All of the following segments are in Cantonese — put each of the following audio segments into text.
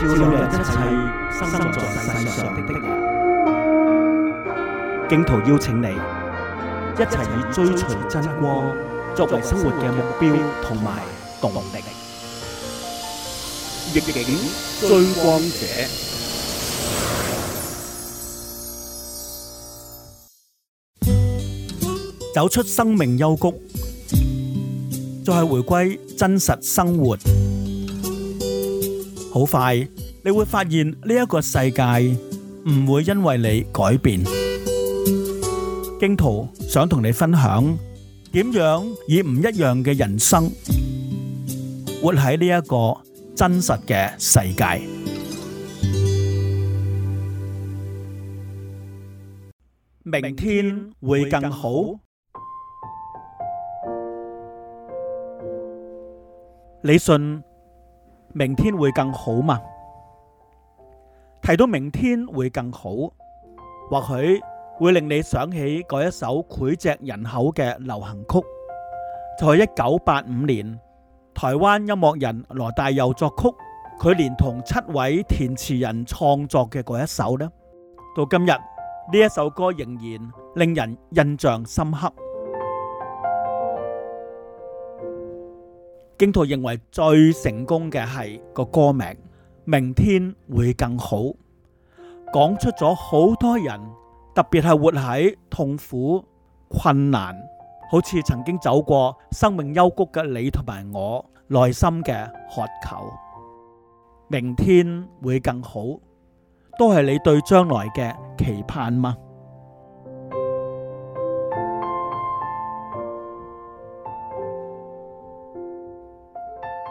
照亮一切生在世上的的人，荊徒邀請你一齊以追隨真光作為生活嘅目標同埋動力。逆境追光者，走出生命幽谷，再係回歸真實生活。好快，你會發現呢一個世界唔會因為你改變。荊徒想同你分享，點樣以唔一樣嘅人生，活喺呢一個真實嘅世界。明天會更好，你信？明天會更好嘛？提到明天會更好，或許會令你想起嗰一首膾炙人口嘅流行曲，就係一九八五年台灣音樂人羅大佑作曲，佢連同七位填詞人創作嘅嗰一首呢，到今日，呢一首歌仍然令人印象深刻。荊徒認為最成功嘅係個歌名《明天會更好》，講出咗好多人，特別係活喺痛苦困難，好似曾經走過生命幽谷嘅你同埋我內心嘅渴求。明天會更好，都係你對將來嘅期盼嗎？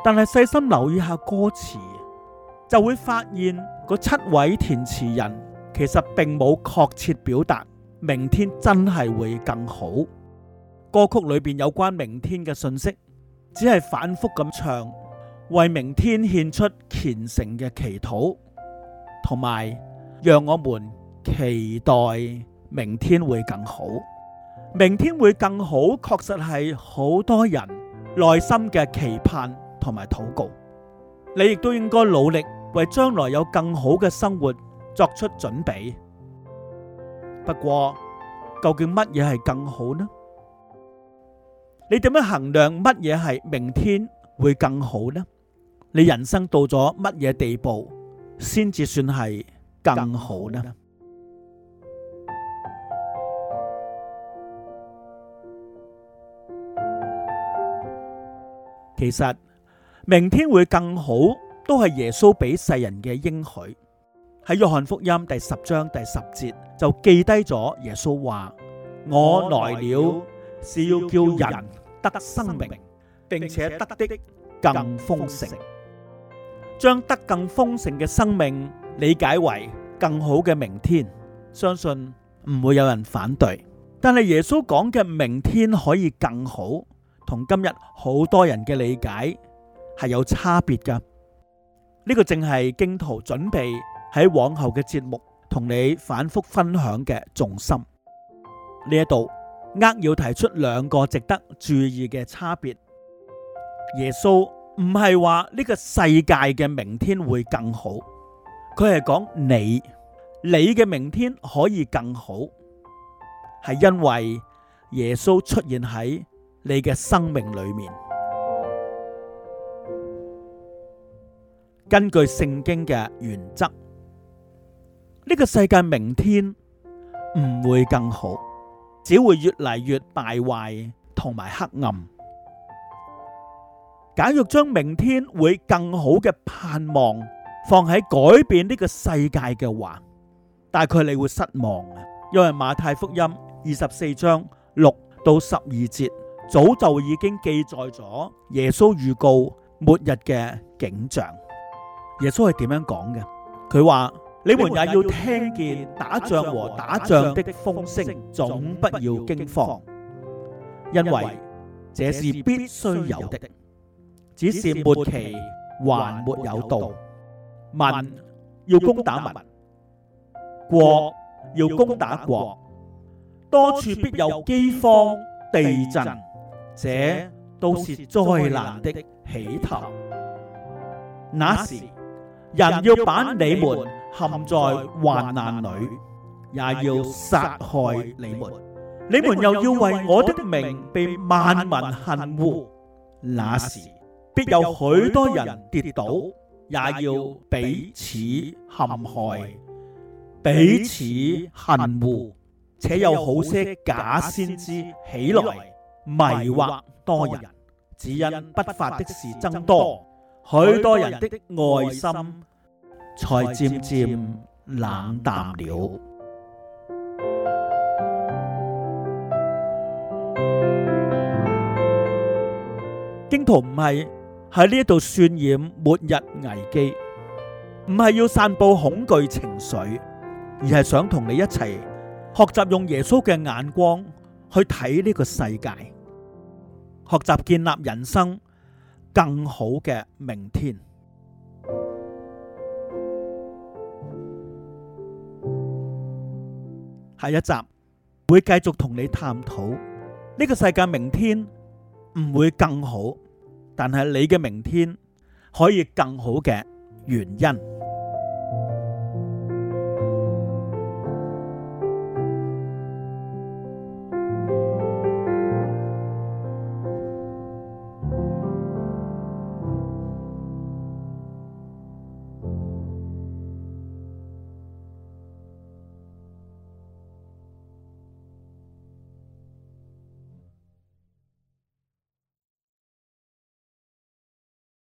但係細心留意下歌詞，就會發現嗰七位填詞人其實並冇確切表達明天真係會更好。歌曲裏邊有關明天嘅信息，只係反復咁唱，為明天獻出虔誠嘅祈禱，同埋讓我們期待明天會更好。明天會更好，確實係好多人內心嘅期盼。同埋禱告，你亦都應該努力為將來有更好嘅生活作出準備。不過，究竟乜嘢係更好呢？你點樣衡量乜嘢係明天會更好呢？你人生到咗乜嘢地步先至算係更好呢？其實。明天會更好，都係耶穌俾世人嘅應許。喺約翰福音第十章第十節就記低咗耶穌話：我來了是要叫人得生命，並且得的更豐盛。將得更豐盛嘅生命理解為更好嘅明天，相信唔會有人反對。但係耶穌講嘅明天可以更好，同今日好多人嘅理解。係有差別噶，呢、這個正係荊徒準備喺往後嘅節目同你反覆分享嘅重心。呢一度，呃，要提出兩個值得注意嘅差別。耶穌唔係話呢個世界嘅明天會更好，佢係講你，你嘅明天可以更好，係因為耶穌出現喺你嘅生命裏面。根據聖經嘅原則，呢個世界明天唔會更好，只會越嚟越敗壞同埋黑暗。假若將明天會更好嘅盼望放喺改變呢個世界嘅話，大概你會失望啊，因為馬太福音二十四章六到十二節早就已經記載咗耶穌預告末日嘅景象。耶穌係點樣講嘅？佢話：你們也要聽見打仗和打仗的風聲，總不要驚慌，因為這是必須有的。只是末期還沒有到。民要攻打民，國要攻打國，多處必有飢荒、地震，這都是災難的起頭。那時。人要把你們陷在患難裏，也要殺害你們；你們又要為我的名被萬民恨惡。那時必有許多人跌倒，也要彼此陷害，彼此恨惡。且有好些假先知起來，迷惑多人，只因不法的事增多。許多人的愛心才漸漸冷淡了。荊徒唔係喺呢度渲染末日危機，唔係要散布恐懼情緒，而係想同你一齊學習用耶穌嘅眼光去睇呢個世界，學習建立人生，更好嘅明天。下一集會繼續同你探討呢個世界明天唔會更好，但係你嘅明天可以更好嘅原因。